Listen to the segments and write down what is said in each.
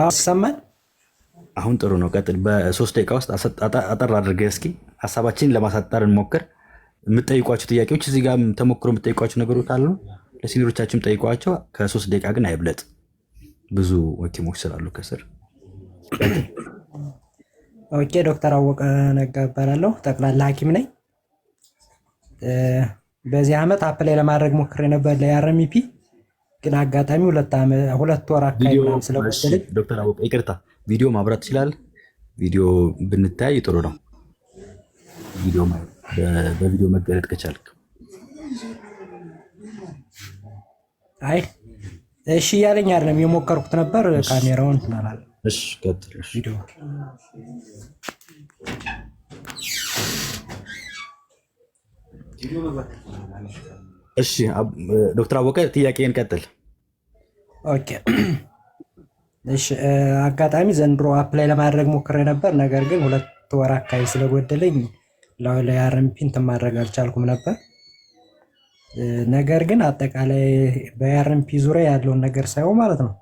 ይሰማል። አሁን ጥሩ ነው። ቀጥል። በሶስት ደቂቃ ውስጥ አጠር አድርገህ እስኪ ሀሳባችንን ለማሳጠር እንሞክር። የምጠይቋቸው ጥያቄዎች እዚህ ጋር ተሞክሮ የምጠይቋቸው ነገሮች አሉ። ለሲኒሮቻችሁም ጠይቋቸው። ከሶስት ደቂቃ ግን አይብለጥ፣ ብዙ ወኪሞች ስላሉ ከስር። ኦኬ። ዶክተር አወቀ ነጋ እባላለሁ። ጠቅላላ ሐኪም ነኝ። በዚህ ዓመት አፕላይ ለማድረግ ሞክሬ ነበር ለአርኤምፒ ግን አጋጣሚ ሁለት ወር አካባቢ ስለመሰለኝ ዶክተር አወቀ ይቅርታ፣ ቪዲዮ ማብራት ይችላል። ቪዲዮ ብንታይ ጥሩ ነው። በቪዲዮ መገለጥ ከቻልክ። አይ እሺ እያለኝ አይደለም የሞከርኩት ነበር። ካሜራውን ትናላል። እሺ ቀጥል። እሺ ዶክተር አወቀ ጥያቄን ቀጥል። ኦኬ እሺ አጋጣሚ ዘንድሮ አፕላይ ለማድረግ ሞክሬ ነበር። ነገር ግን ሁለት ወር አካባቢ ስለጎደለኝ ለአርምፒ እንትን ማድረግ አልቻልኩም ነበር። ነገር ግን አጠቃላይ በአርምፒ ዙሪያ ያለውን ነገር ሳይሆን ማለት ነው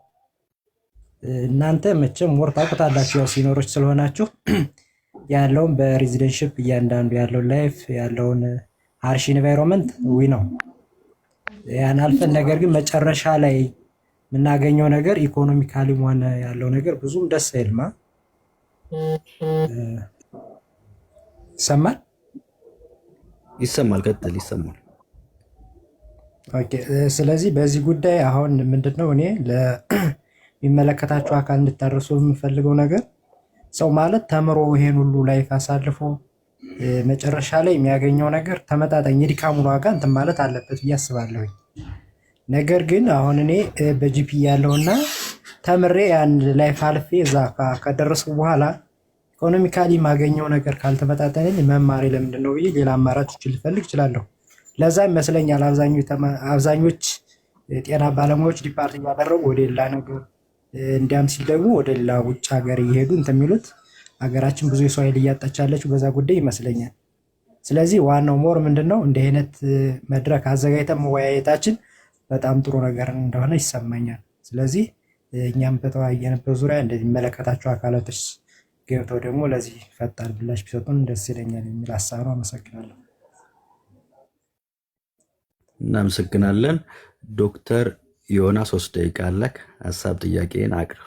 እናንተ መቼም ወር ታውቁታላችሁ፣ ያው ሲኖሮች ስለሆናችሁ ያለውን በሬዚደንሽፕ እያንዳንዱ ያለውን ላይፍ ያለውን ሃርሽ ኢንቫይሮንመንት ዊ ነው ያን አልፈን ነገር ግን መጨረሻ ላይ የምናገኘው ነገር ኢኮኖሚካሊ ሆነ ያለው ነገር ብዙም ደስ አይልማ። ይሰማል ይሰማል፣ ቀጥል ይሰማል። ስለዚህ በዚህ ጉዳይ አሁን ምንድን ነው እኔ ለሚመለከታቸው አካል እንድታደርሱ የምፈልገው ነገር ሰው ማለት ተምሮ ይሄን ሁሉ ላይፍ አሳልፎ መጨረሻ ላይ የሚያገኘው ነገር ተመጣጣኝ የድካሙን ዋጋ እንትን ማለት አለበት ብዬ አስባለሁኝ። ነገር ግን አሁን እኔ በጂፒ ያለውና ተምሬ ያን ላይፍ አልፌ እዛ ከደረስኩ በኋላ ኢኮኖሚካሊ ማገኘው ነገር ካልተመጣጠነኝ መማሪ ለምንድን ነው ብዬ ሌላ አማራጭ ልፈልግ እችላለሁ። ለዛ ይመስለኛል አብዛኞች ጤና ባለሙያዎች ዲፓርት እያደረጉ ወደ ሌላ ነገር እንዲያም ሲል ደግሞ ወደ ሌላ ውጭ ሀገር እየሄዱ እንትን የሚሉት ሀገራችን ብዙ የሰው ኃይል እያጣቻለች በዛ ጉዳይ ይመስለኛል። ስለዚህ ዋናው ሞር ምንድን ነው እንዲህ አይነት መድረክ አዘጋጅተን መወያየታችን በጣም ጥሩ ነገር እንደሆነ ይሰማኛል። ስለዚህ እኛም በተወያየንበት ዙሪያ እንደሚመለከታቸው አካላቶች ገብተው ደግሞ ለዚህ ፈጣን ምላሽ ቢሰጡን ደስ ይለኛል የሚል ሀሳብ ነው። አመሰግናለሁ። እናመሰግናለን። ዶክተር የሆና ሶስት ደቂቃ አለክ። ሀሳብ ጥያቄን አቅርብ።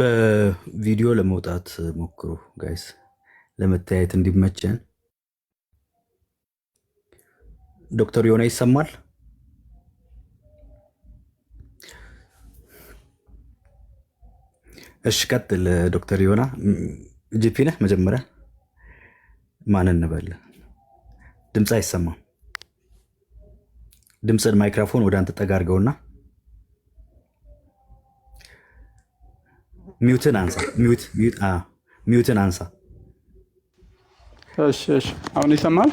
በቪዲዮ ለመውጣት ሞክሩ ጋይስ። ለመተያየት እንዲመቸን። ዶክተር ዮና ይሰማል? እሽ፣ ቀጥል። ዶክተር ዮና ጂፒ ነህ? መጀመሪያ ማን እንበል? ድምፅ አይሰማም። ድምፅን ማይክሮፎን ወደ አንተ ጠጋ አድርገውና ሚውትን አንሳ። ሚውት ሚውት ሚውትን አንሳ። አሁን ይሰማል?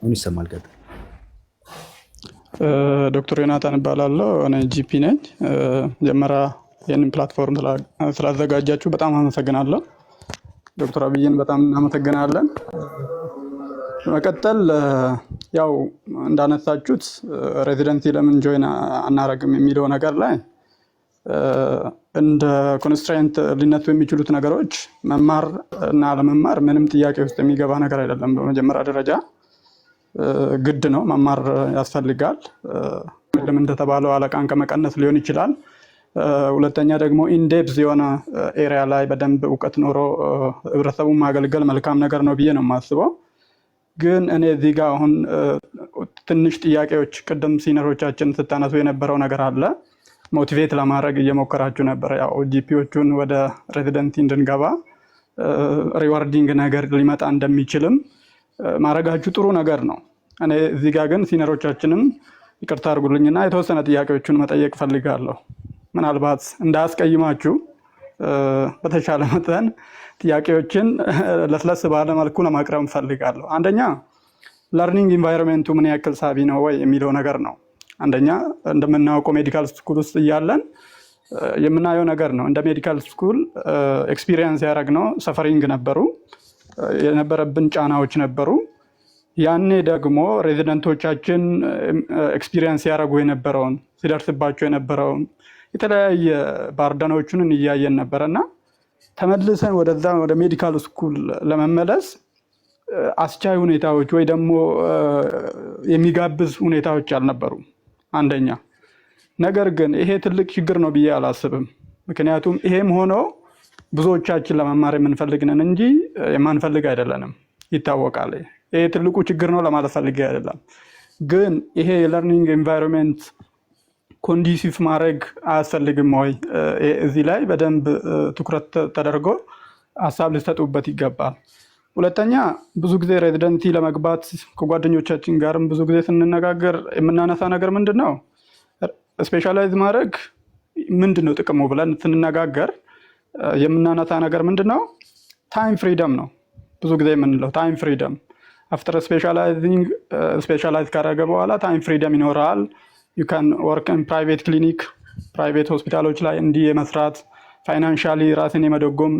አሁን ይሰማል። ቀጥል። ዶክተር ዮናታን እባላለሁ። እኔ ጂፒ ነኝ። መጀመሪያ ይህንን ፕላትፎርም ስላዘጋጃችሁ በጣም አመሰግናለሁ። ዶክተር አብይን በጣም እናመሰግናለን። መቀጠል ያው እንዳነሳችሁት ሬዚደንሲ ለምን ጆይን አናረግም የሚለው ነገር ላይ እንደ ኮንስትራንት ሊነቱ የሚችሉት ነገሮች መማር እና አለመማር ምንም ጥያቄ ውስጥ የሚገባ ነገር አይደለም። በመጀመሪያ ደረጃ ግድ ነው፣ መማር ያስፈልጋል። ቅድም እንደተባለው አለቃን ከመቀነስ ሊሆን ይችላል። ሁለተኛ ደግሞ ኢንዴፕዝ የሆነ ኤሪያ ላይ በደንብ እውቀት ኖሮ ህብረተሰቡን ማገልገል መልካም ነገር ነው ብዬ ነው የማስበው። ግን እኔ እዚህ ጋር አሁን ትንሽ ጥያቄዎች ቅድም ሲነሮቻችን ስታነሱ የነበረው ነገር አለ ሞቲቬት ለማድረግ እየሞከራችሁ ነበር። ያው ጂፒዎቹን ወደ ሬዚደንት እንድንገባ ሪዋርዲንግ ነገር ሊመጣ እንደሚችልም ማድረጋችሁ ጥሩ ነገር ነው። እኔ እዚህ ጋር ግን ሲነሮቻችንም ይቅርታ አድርጉልኝና የተወሰነ ጥያቄዎቹን መጠየቅ ፈልጋለሁ። ምናልባት እንዳያስቀይማችሁ በተሻለ መጠን ጥያቄዎችን ለስለስ ባለ መልኩ ለማቅረብ እንፈልጋለሁ። አንደኛ ለርኒንግ ኢንቫይሮንሜንቱ ምን ያክል ሳቢ ነው ወይ የሚለው ነገር ነው። አንደኛ እንደምናውቀው ሜዲካል ስኩል ውስጥ እያለን የምናየው ነገር ነው። እንደ ሜዲካል ስኩል ኤክስፒሪየንስ ያደረግነው ሰፈሪንግ ነበሩ፣ የነበረብን ጫናዎች ነበሩ። ያኔ ደግሞ ሬዚደንቶቻችን ኤክስፒሪየንስ ያደረጉ የነበረውን ሲደርስባቸው የነበረውን የተለያየ ባርደኖቹን እያየን ነበረ እና ተመልሰን ወደዛ ወደ ሜዲካል ስኩል ለመመለስ አስቻይ ሁኔታዎች ወይ ደግሞ የሚጋብዝ ሁኔታዎች አልነበሩም። አንደኛ። ነገር ግን ይሄ ትልቅ ችግር ነው ብዬ አላስብም። ምክንያቱም ይሄም ሆኖ ብዙዎቻችን ለመማር የምንፈልግንን እንጂ የማንፈልግ አይደለንም፣ ይታወቃል። ይሄ ትልቁ ችግር ነው ለማለት ፈልጌ አይደለም። ግን ይሄ የለርኒንግ ኤንቫይሮንመንት ኮንዲሲቭ ማድረግ አያስፈልግም ወይ? እዚህ ላይ በደንብ ትኩረት ተደርጎ ሀሳብ ልትሰጡበት ይገባል። ሁለተኛ ብዙ ጊዜ ሬዚደንቲ ለመግባት ከጓደኞቻችን ጋርም ብዙ ጊዜ ስንነጋገር የምናነሳ ነገር ምንድን ነው ስፔሻላይዝ ማድረግ ምንድን ነው ጥቅሙ ብለን ስንነጋገር የምናነሳ ነገር ምንድን ነው ታይም ፍሪደም ነው ብዙ ጊዜ የምንለው ታይም ፍሪደም አፍተር ስፔሻላይዚንግ ስፔሻላይዝ ካደረገ በኋላ ታይም ፍሪደም ይኖራል ዩ ካን ወርክን ፕራይቬት ክሊኒክ ፕራይቬት ሆስፒታሎች ላይ እንዲህ የመስራት ፋይናንሻሊ ራስን የመደጎም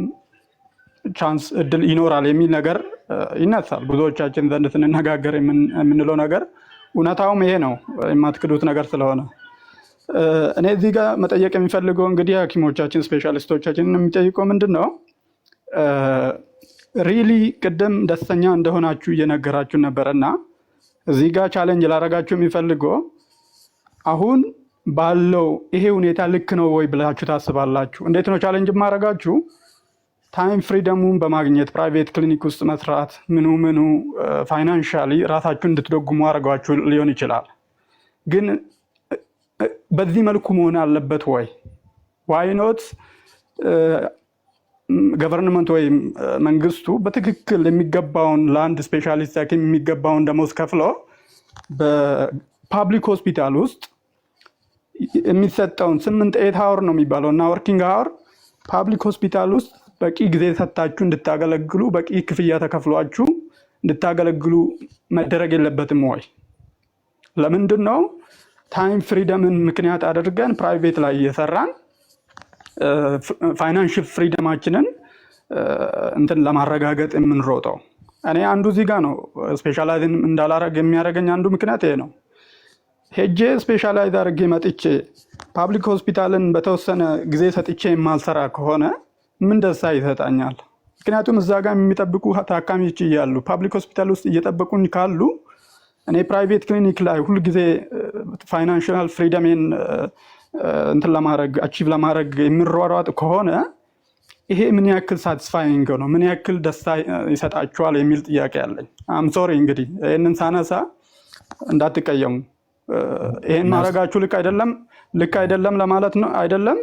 ቻንስ እድል ይኖራል የሚል ነገር ይነሳል። ብዙዎቻችን ዘንድ ስንነጋገር የምንለው ነገር እውነታውም ይሄ ነው፣ የማትክዱት ነገር ስለሆነ እኔ እዚህ ጋር መጠየቅ የሚፈልገው እንግዲህ ሐኪሞቻችን ስፔሻሊስቶቻችን የሚጠይቀው ምንድን ነው ሪሊ ቅድም ደስተኛ እንደሆናችሁ እየነገራችሁ ነበር እና እዚህ ጋር ቻሌንጅ ላረጋችሁ የሚፈልገው አሁን ባለው ይሄ ሁኔታ ልክ ነው ወይ ብላችሁ ታስባላችሁ? እንዴት ነው ቻሌንጅ ማረጋችሁ? ታይም ፍሪደሙን በማግኘት ፕራይቬት ክሊኒክ ውስጥ መስራት ምኑ ምኑ ፋይናንሻሊ ራሳችሁን እንድትደጉሙ አድርጓችሁ ሊሆን ይችላል። ግን በዚህ መልኩ መሆን አለበት ወይ ዋይኖት ገቨርንመንት ወይም መንግስቱ በትክክል የሚገባውን ለአንድ ስፔሻሊስት ሐኪም የሚገባውን ደሞዝ ከፍሎ በፓብሊክ ሆስፒታል ውስጥ የሚሰጠውን ስምንት ኤት ሀወር ነው የሚባለው እና ወርኪንግ ሀወር ፓብሊክ ሆስፒታል ውስጥ በቂ ጊዜ ሰጥታችሁ እንድታገለግሉ በቂ ክፍያ ተከፍሏችሁ እንድታገለግሉ መደረግ የለበትም ወይ? ለምንድን ነው ታይም ፍሪደምን ምክንያት አድርገን ፕራይቬት ላይ እየሰራን ፋይናንሽል ፍሪደማችንን እንትን ለማረጋገጥ የምንሮጠው? እኔ አንዱ እዚህ ጋ ነው ስፔሻላይዝን እንዳላረግ የሚያደርገኝ አንዱ ምክንያት ይሄ ነው። ሄጄ ስፔሻላይዝ አድርጌ መጥቼ ፓብሊክ ሆስፒታልን በተወሰነ ጊዜ ሰጥቼ የማልሰራ ከሆነ ምን ደስታ ይሰጣኛል? ምክንያቱም እዛ ጋር የሚጠብቁ ታካሚዎች እያሉ ፓብሊክ ሆስፒታል ውስጥ እየጠበቁኝ ካሉ እኔ ፕራይቬት ክሊኒክ ላይ ሁልጊዜ ፋይናንሽናል ፍሪደሜን እንትን ለማድረግ አቺቭ ለማድረግ የሚሯሯጥ ከሆነ ይሄ ምን ያክል ሳቲስፋይንግ ነው? ምን ያክል ደስታ ይሰጣችኋል? የሚል ጥያቄ አለኝ። አም ሶሪ እንግዲህ ይህንን ሳነሳ እንዳትቀየሙ። ይህን ማድረጋችሁ ልክ አይደለም ልክ አይደለም ለማለት ነው አይደለም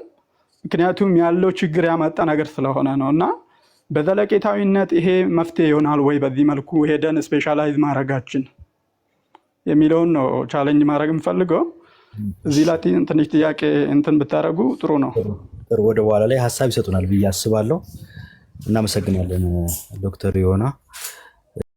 ምክንያቱም ያለው ችግር ያመጣ ነገር ስለሆነ ነው እና በዘለቄታዊነት ይሄ መፍትሄ ይሆናል ወይ በዚህ መልኩ ሄደን ስፔሻላይዝ ማድረጋችን የሚለውን ነው ቻለንጅ ማድረግ የምፈልገው። እዚህ ላይ ትንሽ ጥያቄ እንትን ብታደረጉ ጥሩ ነው። ወደ በኋላ ላይ ሀሳብ ይሰጡናል ብዬ አስባለሁ። እናመሰግናለን ዶክተር ዮና